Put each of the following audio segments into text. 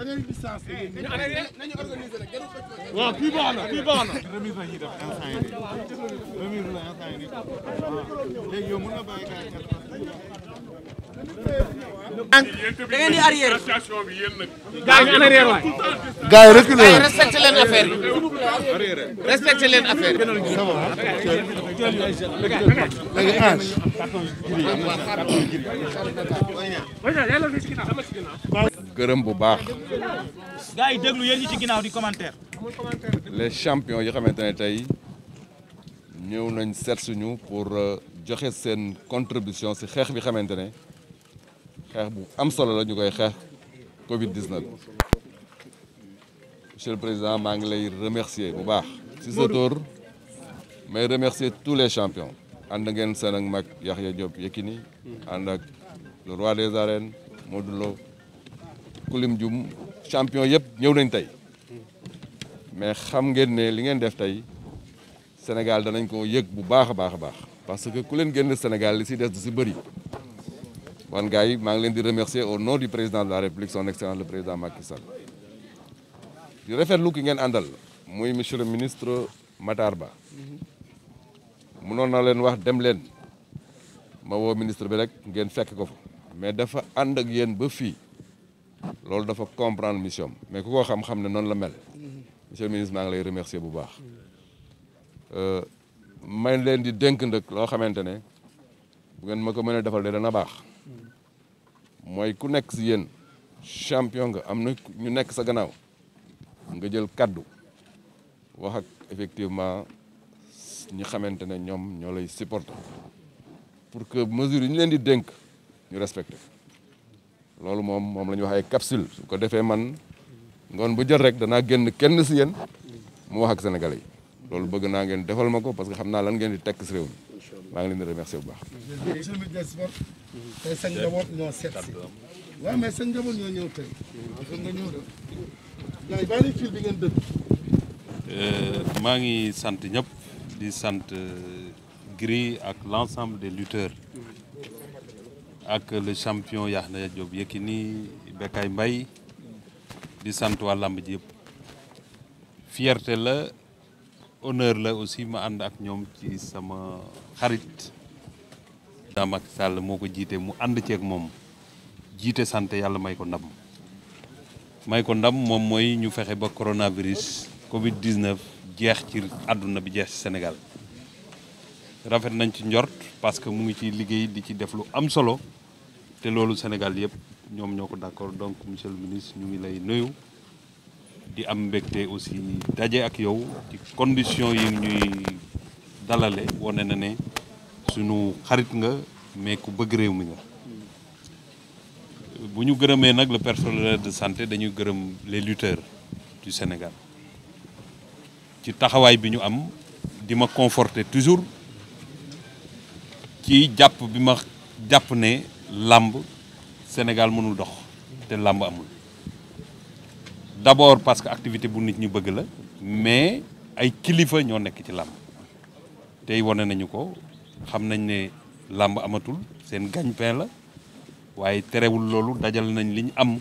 da ngeen distance nañu organiser rek waaw kii baax na kii baax na remise la ñuy def instant yi remise la instant yi léegi yow mën na bàyyi da ngeen di arrière gaa yi arrière waay gaa yi reculé waay respecté leen affaire yi respecté leen affaire yi ça va léegi gërëm bu baax. gars yi déglu yéen ñi ci ginnaaw di commentaire. les champions yi xamante ne tey ñëw nañ seet suñu pour euh, joxe seen contribution si xeex bi xamante ne xeex bu am solo la ñu koy xeex Covid 19. monsieur le président maa ngi lay remercier bu baax. si sa tour may remercier tous les champions. ànd ngeen seen ak mag Yaxya Diop Yekini hmm. ànd ak le roi des arènes Modou ku lim jum champion yëpp ñëw nañ tey mais xam ngeen ne li ngeen def tey Sénégal danañ ko yëg bu baax a baax a baax parce que ku leen génn Sénégal li si des du si bëri wan gars yi maa ngi leen di remercier au nom du président de la République son excellence le président Macky Sall di rafetlu ki ngeen àndal muy monsieur le ministre Matar Ba mënoon na leen wax dem leen ma woo ministre bi rek ngeen fekk ko fa mais dafa ànd ak yéen ba fii loolu dafa comprendre mission mais ku ko xam-xam ne noonu la mel monsieur le ministre maa ngi lay remercier bu baax euh, may leen di dénk nag loo xamante ne bu ngeen ma ko mënee defal de dana baax mooy ku nekk si yéen champion nga am na ñu nekk sa gannaaw nga jël kaddu waxak effectivement ñi xamante ne ñoom ñoo lay supporter pour que mesure yi ñu leen di dénk ñu respecté loolu moom moom la ñuy wax ay capsule su ko defee man ngoon bu jot rek danaa génn kenn si yéen mu wax ak sénégalais loolu bëgg naa ngeen defal ma ko parce que xam naa lan ngeen di tekk si réew mi maa ngi leen bu baax. monsieur le ministre ngi sant ñëpp di sant euh, Gris ak l' ensemble des lutteurs. ak le champion na Yaxya Diop Yékini Bécaye mbay di sant waa làmb ji yëpp fierté la honneur la aussi ma ànd ak ñoom ci sama xarit da Macky Sall moo ko jiite mu ànd ceeg moom jiite sant yàlla may ko ndam may ko ndam moom mooy ñu fexe ba coronavirus covid 19 jeex ci àdduna bi jeex ci senegal rafet nañ ci njort parce que mu ngi ciy liggéey di ci def lu am solo te loolu Sénégal yëpp ñoom ñoo ko d'accord donc monsieur le ministre ñu ngi lay nuyu di am mbégte aussi daje ak yow ci condition yi ñuy dalale wane na ne suñu xarit nga mais ku bëgg réew mi nga bu ñu gërëmee nag le personnel de santé dañuy gërëm les lutteurs du Sénégal ci taxawaay bi ñu am di ma conforter toujours ci jàpp bi ma jàpp ne làmb Sénégal mënul dox te làmb amul d'abord parce que activité bu nit ñu bëgg la mais ay kilifa ñoo nekk ci làmb tey wane nañu ko xam nañ ne làmb amatul seen gagne-pain la waaye terewul loolu dajal nañ li ñu am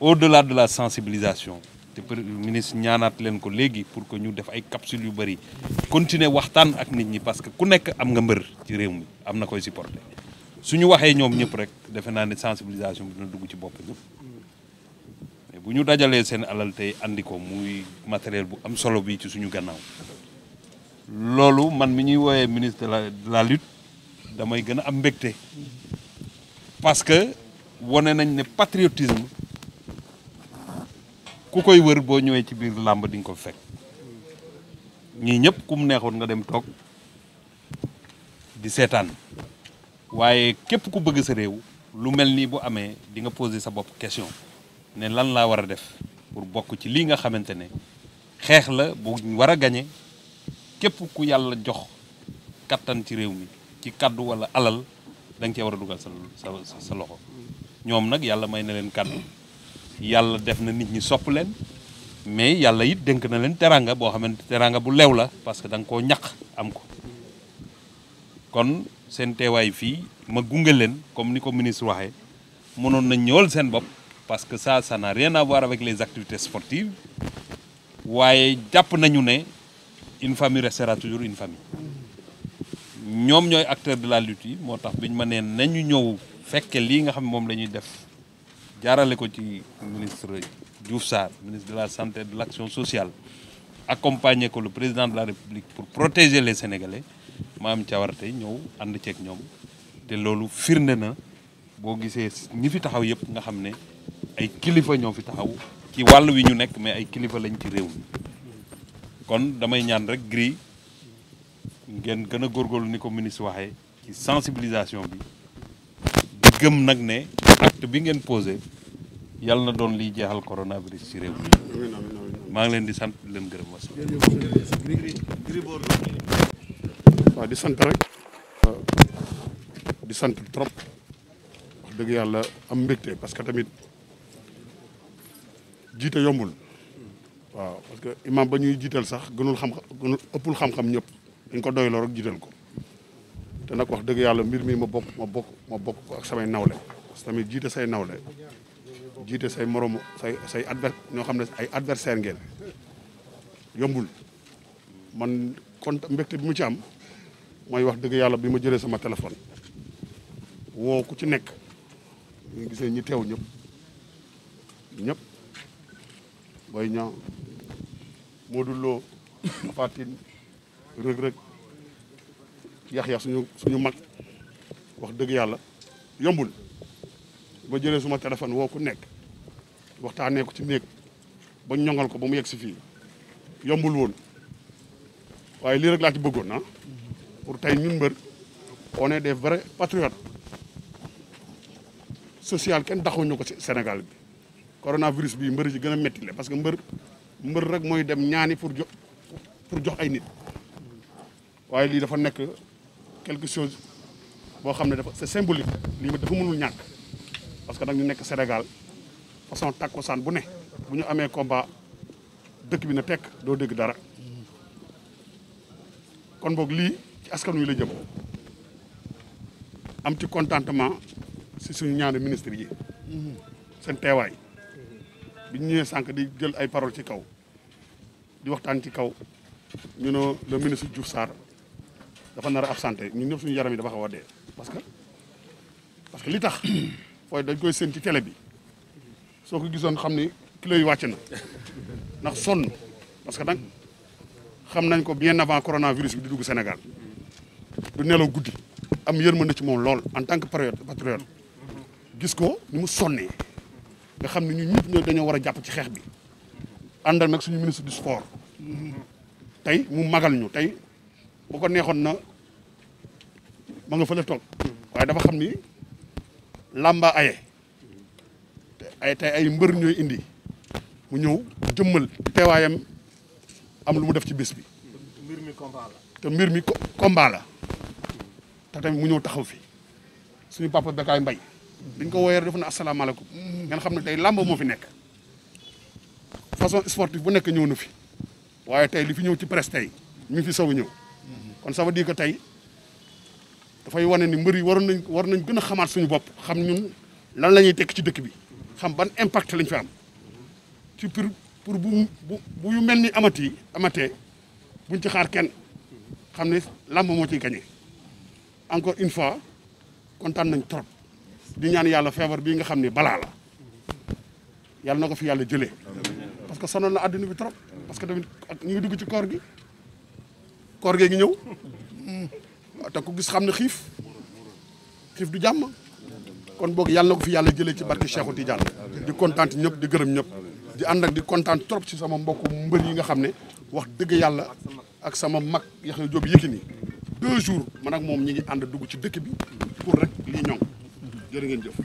au-delà de la sensibilisation te ministre ñaanaat leen ko léegi pour que ñu def ay capsules yu bari continuer waxtaan ak nit ñi parce que ku nekk am nga mbër ci réew mi am na koy supporter su ñu waxee ñoom ñëpp rek defe naa ne sensibilisation bi dina dugg ci bopp ñëpp mais bu ñu dajalee seen alal tey andi ko muy matériel bu am solo bi ci suñu gannaaw loolu man mi ñuy woowee ministre de la lutte damay gën a am mbégte parce que wane nañ ne patriotisme ku koy wër boo ñëwee ci biir làmb di ko fekk ñii ñëpp ku mu neexoon nga dem toog di seetaan waaye képp ku bëgg sa réew lu mel nii bu amee di nga poser sa bopp question ne lan laa war a def pour bokk ci lii nga xamante ne xeex la bu war a gañe képp ku yàlla jox kattan ci réew mi ci kàddu walla alal da nga cee war a dugal sa sa loxo ñoom nag yàlla may na leen kàddu yàlla def na nit ñi sopp leen mais yàlla it dénk na leen teraanga boo xamante teraanga bu lew la parce que da nga koo ñaq am ko kon seen teewaay fii ma gunge leen comme ni ko ministre waxee mënoon nañ ñëwal seen bopp parce que ça ça n'a rien à avec les activités sportives waaye jàpp nañu ne une famille restera toujours une famille ñoom ñooy acteur de la lutte moo tax bi ñu ma nee nañu ñëw fekke lii nga xam ne moom la ñuy def jaarale ko ci ministre Diouf Sarr ministre de la santé et de l'action sociale accompagné ko le président de la République pour protéger les Sénégalais ma am cawarte ñëw ànd ceeg ñoom te loolu firnde na boo gisee ñi fi taxaw yëpp nga xam ne ay kilifa ñoo fi taxaw ci wàll wi ñu nekk mais ay kilifa lañ ci réew mi kon damay ñaan rek Gris ngeen gën a góorgóorlu ni ko ministre waxee ci sensibilisation bi di gëm nag ne acte bi ngeen posé yàlla na doon liy jeexal coronavirus ci réew mi maa ngi leen di sant leen gërëm was waaw di sant rek di sant trop wax dëgg yàlla am mbégte parce que tamit jiite yombul waaw parce que imam ba ñuy jiital sax gënul xam-xam ëppul xam-xam ñëpp dañ ko doyloo rek jiital ko te nag wax dëgg yàlla mbir mi ma bokk ma bokk ma bokk ko ak samay nawle parce que tamit jiite say nawle jiite say morom say say adver ñoo xam ne ay adversaire ngeen yombul man kon mbégte bi mu ci am mooy wax dëgg yàlla bi ma jëlee sama téléphone woo ku ci nekk ñu gisee ñi teew ñëpp ñëpp Boy Niang Modou Lo Tapha Tine Reug Reug Yaxya suñu suñu mag wax dëgg yàlla yombul ba jëlee suma téléphone woo ku nekk waxtaanee ko ci néeg ba ñoŋal ko ba mu yegg si fii yombul woon waaye lii rek laa ci bëggoon ah pour tey ñun mbër on est des vrais patriotes social kenn taxuñu ko Sénégal bi coronavirus bi mbër ji gën a métti la parce que mbër mbër rek mooy dem ñaani pour jox jox ay nit waaye lii dafa nekk quelque chose boo xam ne dafa c'est symbolique lii dafa mënul ñàkk parce que nag ñu nekk Sénégal façon takkusaan bu ne bu ñu amee combat dëkk bi na tek doo dégg dara kon boog lii askan wi la jëm am ci contentement si suñu ñaari ministre yi seen teewaay bi ñu ñëwee sànq di jël ay parole ci kaw di waxtaan ci kaw ñu ne le ministre Diouf Sarr dafa nar a absenté ñu ñëpp suñu yaram yi dafa xaw a dee parce que parce que li tax fooy dañ koy seen ci télé bi soo ko gisoon xam ni kilo yi wàcc na ndax sonn parce que nag xam nañ ko bien avant coronavirus bi di dugg Sénégal du nelaw guddi am yërmande ci moom lool en tant que patriote patriote gis ko ni mu sonnee nga xam ne ñu ñëpp ñoo dañoo war a jàpp ci xeex bi àndal nag suñu ministre du sport tey mu magal ñu tey bu ko neexoon na ma nga fële toog waaye dafa xam ni làmba aye te ay tey mbër ñooy indi mu ñëw jëmmal teewaayam am lu mu def ci bis bi te mbir mi combat te tamit mu ñëw taxaw fi suñu papa Bekaay Mbaye biñ ko woowee dafa ne asalaamaaleykum ngeen xam ne tey làmb moo fi nekk façon sportive bu nekk ñëw na fi waaye tey li fi ñëw ci presse tey mi fi saw ñëw kon saw veut dire que tey dafay wane ni mbër yi waroon nañ war nañ gën a xamaat suñu bopp xam ñun lan la ñuy tekk ci dëkk bi xam ban impact lañ fi am ci pour pour bu bu yu mel ni amati amatee buñ ci xaar kenn xam ne làmb moo ciy gañe encore une fois kontaan nañ trop di ñaan yàlla feebar bii nga xam ne balaa la yàlla na ko fi yàlla jëlee parce que sonal na àddina bi trop parce que tamit ak ñu ngi dugg ci koor gi koor gee ngi ñëw hmm. te ku gis xam ne xiif xiif du jàmm kon boog yàlla na ko fi yàlla jëlee ci barke Cheikhou Tidiane di kontaan ñëpp di gërëm ñëpp di ànd ak di kontaan trop ci sama mbokku mbër yi nga xam ne wax dëgg yàlla ak sama mag Yaxya Jóob Yékini deux jours man ak moom ñi ngi ànd dugg ci dëkk bi pour rek li ñoŋ jërë ngeen jëf